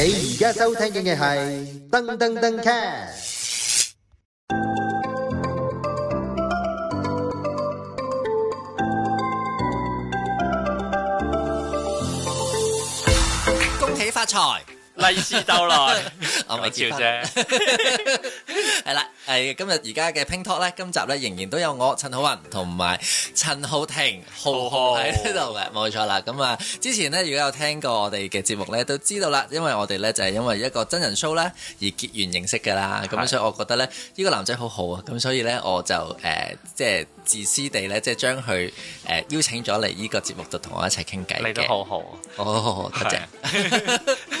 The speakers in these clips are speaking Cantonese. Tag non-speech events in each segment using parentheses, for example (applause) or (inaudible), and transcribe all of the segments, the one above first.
你而家收聽緊嘅係噔噔噔卡，恭喜發財，利是到來，我咪笑啫，係啦。誒、哎，今日而家嘅拼托咧，今集咧仍然都有我陳浩雲同埋陳浩庭浩浩喺呢度嘅，冇錯啦。咁啊，之前呢，如果有聽過我哋嘅節目咧，都知道啦，因為我哋咧就係、是、因為一個真人 show 咧而結緣認識噶啦。咁 Yes. 所以我覺得咧，呢、這個男仔好好啊。咁所以咧，我就誒、呃，即係自私地咧，即係將佢誒邀請咗嚟呢個節目度同我一齊傾偈。你都好好啊，oh, 好好好，多謝，謝。 (laughs) (laughs)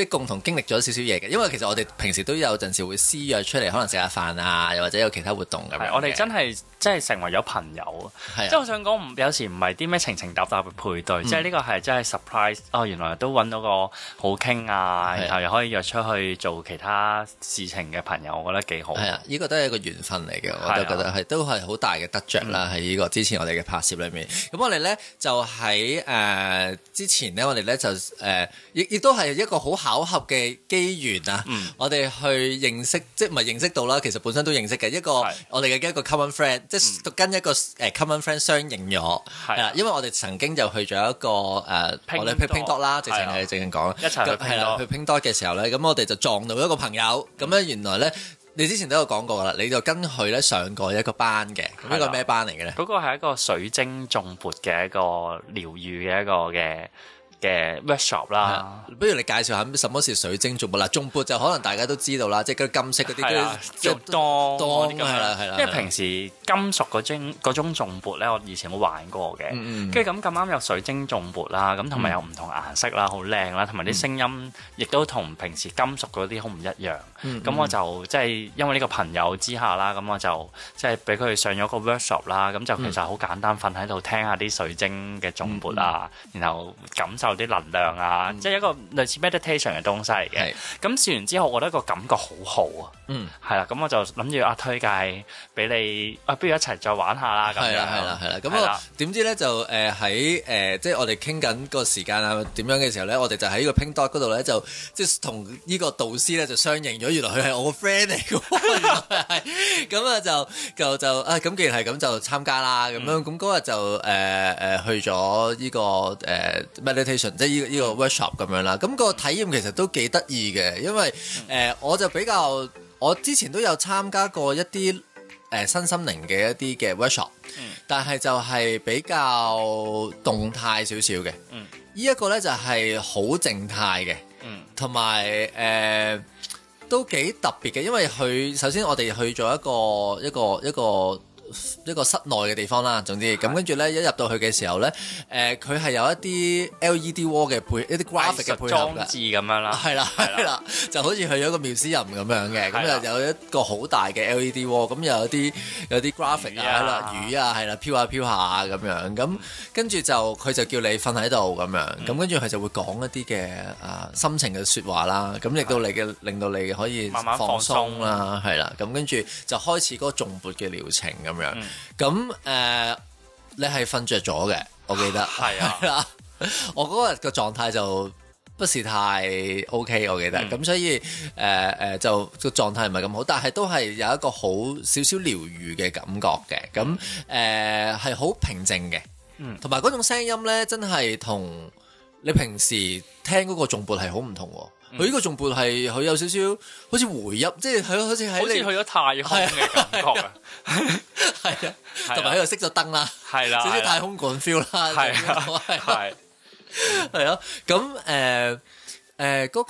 即共同經歷咗少少嘢嘅，因為其實我哋平時都有陣時會私約出嚟，可能食下飯啊，又或者有其他活動咁樣。我哋真係真係成為咗朋友，即係是的 我想講，有時唔係啲咩情情搭搭嘅配對，嗯、即係呢個係真係 surprise，哦原來都揾到個好傾啊，是的 然後又可以約出去做其他事情嘅朋友，我覺得幾好。係啊，呢、這個都係一個緣分嚟嘅，我都覺得係都係好大嘅得着啦，喺呢是的 的個之前我哋嘅拍攝裏面。咁我哋呢就喺誒、呃、之前呢，我哋呢就誒亦亦都係一個好巧合嘅機緣啊，我哋去認識，即係唔係認識到啦？其實本身都認識嘅一個，我哋嘅一個 common friend，即係跟一個誒 common friend 相認咗。係啦，因為我哋曾經就去咗一個誒，我哋去拼多啦，直情係直情講，一齊去啦，去拼多嘅時候咧，咁我哋就撞到一個朋友。咁咧，原來咧，你之前都有講過噶啦，你就跟佢咧上過一個班嘅，咁呢個咩班嚟嘅咧？嗰個係一個水晶頌缽嘅一個療愈嘅一個嘅，嘅 workshop 啦，不如你介紹下咩？什麼是水晶重撥啦，重撥就可能大家都知道啦，即係嗰啲金色嗰啲，即係當當係啦，因為平時金屬嗰種嗰種重撥咧，我以前冇玩過嘅，跟住咁咁啱有水晶重撥啦，咁同埋有唔同顏色啦，好靚啦，同埋啲聲音亦都同平時金屬嗰啲好唔一樣。咁我就即係因為呢個朋友之下啦，咁我就即係俾佢哋上咗個 workshop 啦，咁就其實好簡單，瞓喺度聽下啲水晶嘅重撥啊，然後感受。有啲能量啊，即係一個類似 meditation 嘅東西嚟嘅。咁試是完之後，我覺得個感覺好好啊。嗯，係啦，咁我就諗住啊，推介俾你啊，不如一齊再玩下啦。係啦，係啦，係啦。咁我點知咧就誒喺誒即係我哋傾緊個時間啊點樣嘅時候咧，我哋就喺呢個 Pink Dog 嗰度咧就即係同呢個導師咧就相認咗，原來佢係我個 friend 嚟嘅。咁啊就就就，就啊，咁既然係咁就參加啦。咁樣咁嗰日就誒誒、呃、去咗呢個誒 meditation。呃即呢依依個 workshop 咁樣啦，咁、那個體驗其實都幾得意嘅，因為誒、嗯呃、我就比較，我之前都有參加過一啲誒身心靈嘅一啲嘅 workshop，、嗯、但係就係比較動態少少嘅，呢一、嗯、個呢就係好靜態嘅，同埋誒都幾特別嘅，因為佢首先我哋去咗一個一個一個，一個一個一個室內嘅地方啦，總之咁跟住咧，一入到去嘅時候咧，誒佢係有一啲 LED 窩嘅配一啲 graphic 嘅配裝置咁樣啦、啊，係啦係啦，就好似去咗個妙斯人咁樣嘅，咁就的、嗯、有一個好大嘅 LED 窩，咁又有啲有啲 graphic 啊，係啦魚啊，係啦飄下飄下咁樣，咁跟住就佢就叫你瞓喺度咁樣，咁跟住佢就會講一啲嘅誒心情嘅說話啦，咁令到你嘅令到你可以慢慢放鬆啦，係啦、啊，咁跟住就開始嗰個重撥嘅療程咁。咁誒、嗯呃，你係瞓着咗嘅，我記得係啊。啊 (laughs) 我嗰日嘅狀態就不是太 OK，我記得咁，嗯、所以誒誒、呃，就個狀態唔係咁好，但係都係有一個好少少療愈嘅感覺嘅。咁誒係好平靜嘅，嗯，同埋嗰種聲音咧，真係同你平時聽嗰個重播係好唔同。佢呢個仲撥係佢有少少好似回音，即係佢好似喺你好似去咗太空嘅感覺啊！係啊，同埋喺度熄咗燈啦，係啦，少少太空館 feel 啦，係啊，係係咯。咁誒誒嗰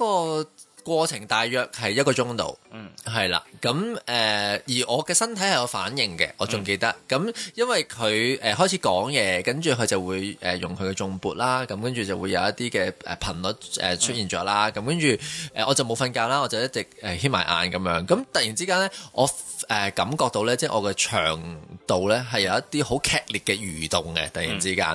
個過程大約係一個鐘度。 (music) 嗯，嗯，係啦，咁誒而我嘅身體係有反應嘅，我仲記得，咁、嗯嗯、因為佢誒開始講嘢，跟住佢就會誒用佢嘅頌缽啦，咁跟住就會有一啲嘅誒頻率誒出現咗啦，咁跟住誒我就冇瞓覺啦，我就一直誒掀埋眼咁樣，咁突然之間咧，我誒感覺到咧，即係我嘅腸道咧係有一啲好劇烈嘅蠕動嘅，突然之間，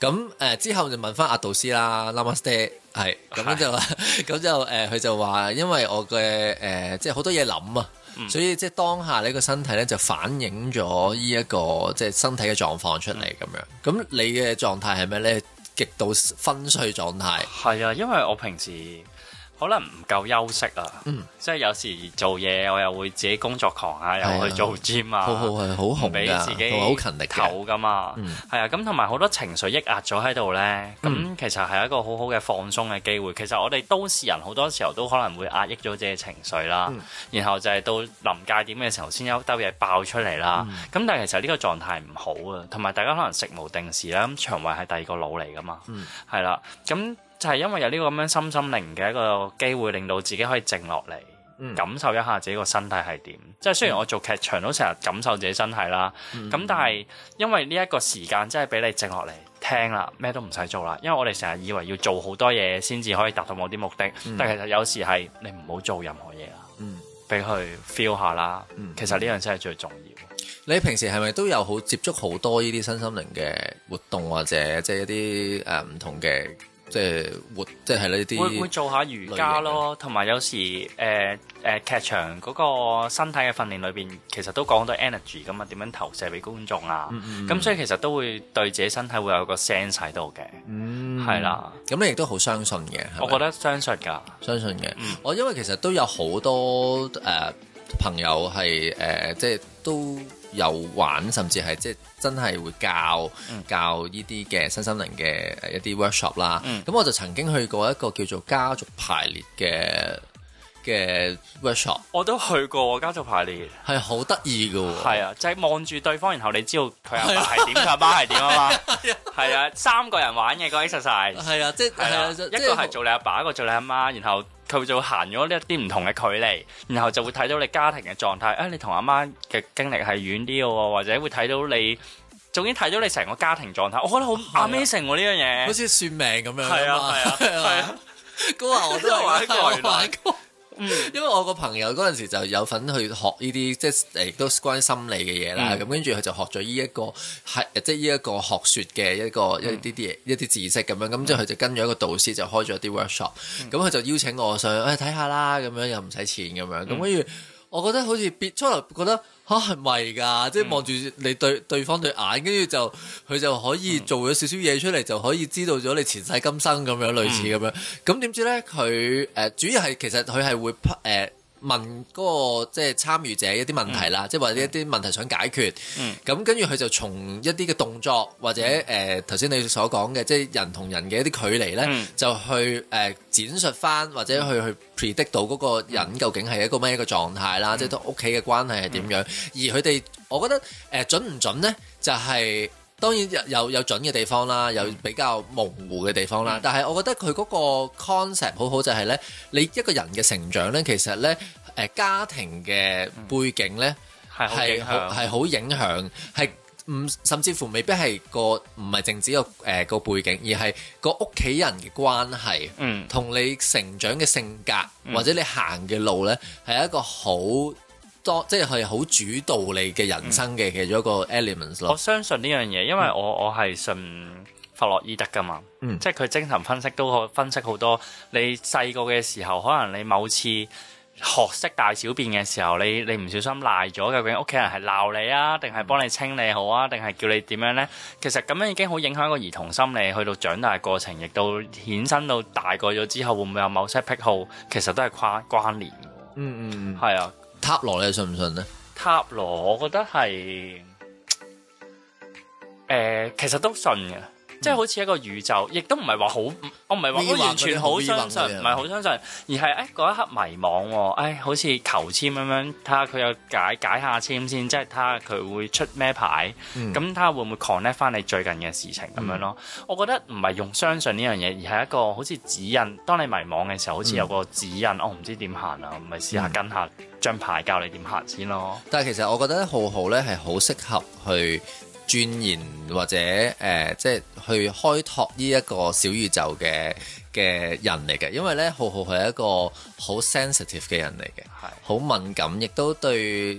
咁誒之後就問返阿導師啦，Lama Sir，係，咁就咁就誒佢就話因為我嘅誒、呃、即係好。 (music) 好多嘢諗啊，所以即係當下呢個身體咧，就反映咗呢一個即係身體嘅狀況出嚟咁樣。咁你嘅狀態係咩咧？極度昏睡狀態。係啊，因為我平時。可能唔夠休息啊，嗯，即係有時做嘢我又會自己工作狂啊，又去做 gym 啊，好好係好紅噶，好勤力好噶嘛，嗯，係啊，咁同埋好多情緒抑壓咗喺度呢。咁其實係一個好好嘅放鬆嘅機會。其實我哋都市人好多時候都可能會壓抑咗自己嘅情緒啦，然後就係到臨界點嘅時候先有一兜嘢爆出嚟啦。咁但係其實呢個狀態唔好啊，同埋大家可能食無定時啦，腸胃係第二個腦嚟噶嘛，嗯，係啦，咁。就係因為有呢個咁樣心心靈嘅一個機會，令到自己可以靜落嚟，感受一下自己個身體係點。即係、嗯、雖然我做劇場都成日感受自己身體啦，咁、嗯、但係因為呢一個時間真係俾你靜落嚟聽啦，咩都唔使做啦。因為我哋成日以為要做好多嘢先至可以達到某啲目的，嗯、但其實有時係你唔好做任何嘢啦，俾佢 feel 下啦。嗯、其實呢樣先係最重要。你平時係咪都有好接觸好多呢啲心心靈嘅活動或者即係一啲、呃呃、唔同嘅？即係活，即係呢啲會會做下瑜伽咯，同埋有，有時誒誒、呃呃、劇場嗰個身體嘅訓練裏邊，其實都講到 energy 㗎嘛，點樣投射俾觀眾啊？咁、嗯嗯、所以其實都會對自己身體會有個 sense 喺度嘅，係、嗯、啦。咁、嗯、你亦都好相信嘅，我覺得相信㗎，嗯、相信嘅。我因為其實都有好多誒。Uh, 朋友係誒、呃，即係都有玩，甚至係即係真係會教教呢啲嘅身心靈嘅一啲 workshop 啦。咁、嗯、我就曾經去過一個叫做家族排列嘅嘅 workshop。Work 我都去過家族排列，係好得意嘅喎。係啊，就係望住對方，然後你知道佢阿爸係點，佢阿媽係點啊嘛。係 (laughs) 啊，三個人玩嘅、那個 exercise 係啊，即係一個係做你阿爸，爸，一個做你阿媽你媽你爸爸，然後。佢就行咗一啲唔同嘅距離，然後就會睇到你家庭嘅狀態。啊、哎，你同阿媽嘅經歷係遠啲嘅喎，或者會睇到你，仲已經睇到你成個家庭狀態。我覺得、啊、對好 amazing 呢樣嘢，好似算命咁樣啊啊，係啊 (laughs) ，高華我都係一個。因為我個朋友嗰陣時就有份去學呢啲，即係亦都關於心理嘅嘢啦。咁跟住佢就學咗呢一個係，即係呢一個學説嘅一個、嗯、一啲啲一啲知識咁樣。咁之後佢就跟咗一個導師，就開咗一啲 workshop、嗯。咁佢就邀請我上去睇下啦，咁樣又唔使錢咁樣。咁跟住，嗯、我覺得好似別初頭覺得。啊，唔係㗎，嗯、即係望住你對對方對眼，跟住就佢就可以做咗少少嘢出嚟，嗯、就可以知道咗你前世今生咁樣，類似咁樣。咁點、嗯、知咧？佢誒、呃、主要係其實佢係會誒。呃問嗰、那個即係參與者一啲問題啦，即係、嗯、或者一啲問題想解決。咁跟住佢就從一啲嘅動作或者誒頭先你所講嘅，即、就、係、是、人同人嘅一啲距離咧，嗯、就去誒、呃、展述翻或者去、嗯、去 predict 到嗰個人究竟係一個咩一個狀態啦，嗯、即係屋企嘅關係係點樣。嗯、而佢哋，我覺得誒、呃、準唔準咧，就係、是。當然有有準嘅地方啦，有比較模糊嘅地方啦。但係我覺得佢嗰個 concept 好好就係呢，你一個人嘅成長呢，其實呢，誒家庭嘅背景呢，係係好影響，係唔甚至乎未必係個唔係淨止個誒個背景，而係個屋企人嘅關係，同你成長嘅性格或者你行嘅路呢，係一個好。當即係好主導你嘅人生嘅其中一個 elements 我相信呢樣嘢，因為我、嗯、我係信弗洛伊德噶嘛，嗯、即係佢精神分析都好分析好多。你細個嘅時候，可能你某次學識大小便嘅時候，你你唔小心賴咗究竟屋企人係鬧你啊，定係幫你清理好啊，定係叫你點樣呢？其實咁樣已經好影響一個兒童心理，去到長大過程，亦到衍生到大個咗之後，會唔會有某些癖好？其實都係跨關聯嗯嗯，係、嗯、啊。塔羅，你信唔信呢？塔羅，我覺得係誒，其實都信嘅。即係好似一個宇宙，亦都唔係話好，我唔係話我完全好相信，唔係好相信，吧而係誒嗰一刻迷惘喎、哦，誒、哎、好似求簽咁樣，睇下佢有解解下簽先，即係睇下佢會出咩牌，咁睇下會唔會 connect 翻你最近嘅事情咁、嗯、樣咯。我覺得唔係用相信呢樣嘢，而係一個好似指引。當你迷惘嘅時候，好似有個指引、嗯哦啊，我唔知點行啊，我咪試下跟下張牌教你點行先咯。但係其實我覺得浩浩咧係好適合去。鑽研或者誒、呃，即係去開拓呢一個小宇宙嘅嘅人嚟嘅，因為呢，浩浩係一個好 sensitive 嘅人嚟嘅，係好的敏感，亦都對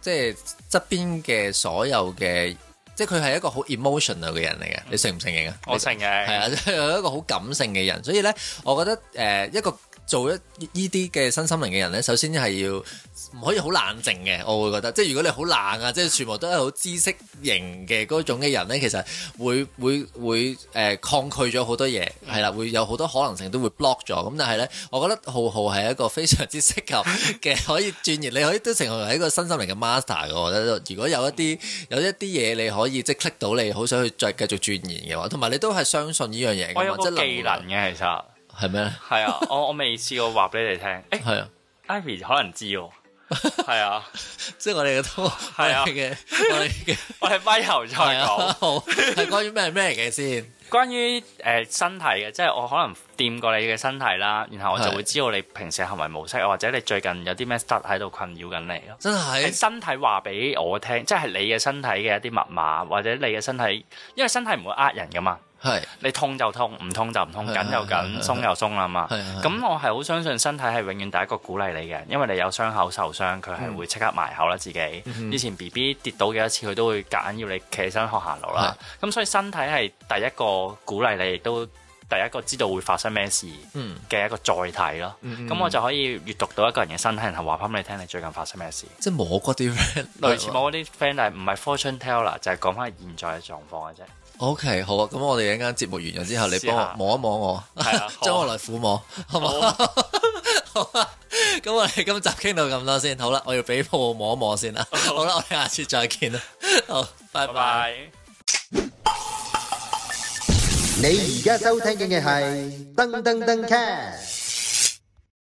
即係側邊嘅所有嘅，即係佢係一個好 emotional 嘅人嚟嘅，嗯、你承唔承認啊？我承認係啊，佢係一個好感性嘅人，所以呢，我覺得誒、呃、一個。做一呢啲嘅身心靈嘅人呢，首先係要唔可以好冷靜嘅，我會覺得，即係如果你好冷啊，即係全部都係好知識型嘅嗰種嘅人呢，其實會會會誒、呃、抗拒咗好多嘢，係啦，會有好多可能性都會 block 咗。咁但係呢，我覺得浩浩係一個非常之適合嘅，可以鑽研， (laughs) 你可以都成為一個身心靈嘅 master。我覺得如果有一啲 (laughs) 有一啲嘢你可以即 click 到你，你好想去再繼續鑽研嘅話，同埋你都係相信呢樣嘢嘅嘛，即係技能嘅其實。係咩？係啊， (laughs) 我我未試過話俾你聽。誒、欸，係啊，Ivy 可能知喎。係 (laughs) 啊，即係我哋嘅拖係啊嘅，我哋嘅我哋回頭再講。係關於咩咩嘅先？關於誒、呃、身體嘅，即係我可能掂過你嘅身體啦，然後我就會知道你平時嘅行為模式，或者你最近有啲咩突喺度困擾緊你咯。真係，身體話俾我聽，即係你嘅身體嘅一啲密碼，或者你嘅身體，因為身體唔會呃人㗎嘛。係，是你痛就痛，唔痛就唔痛，緊就緊，鬆又鬆啦嘛。咁我係好相信身體係永遠第一個鼓勵你嘅，因為你有傷口受傷，佢係會即刻埋口啦自己。嗯、哼以前 BB 跌倒幾多次，佢都會夾硬要你企身學行路啦。咁的所以身體係第一個鼓勵你，亦都，係一個知道會發生咩事嘅一個載體咯，咁我就可以閱讀到一個人嘅身體，然後話翻俾你聽你最近發生咩事。即係摸嗰啲 friend，類似摸嗰啲 friend，但唔係 fortune teller，就係講翻現在嘅狀況嘅啫。OK，好啊，咁我哋一間節目完咗之後，你幫我摸一摸我，將我來撫摸，好嘛？好啊，咁我哋今集傾到咁多先，好啦，我要俾我摸一摸先啦，好啦，我哋下次再見啦，好，拜拜。你而家收聽嘅係噔噔噔 cat。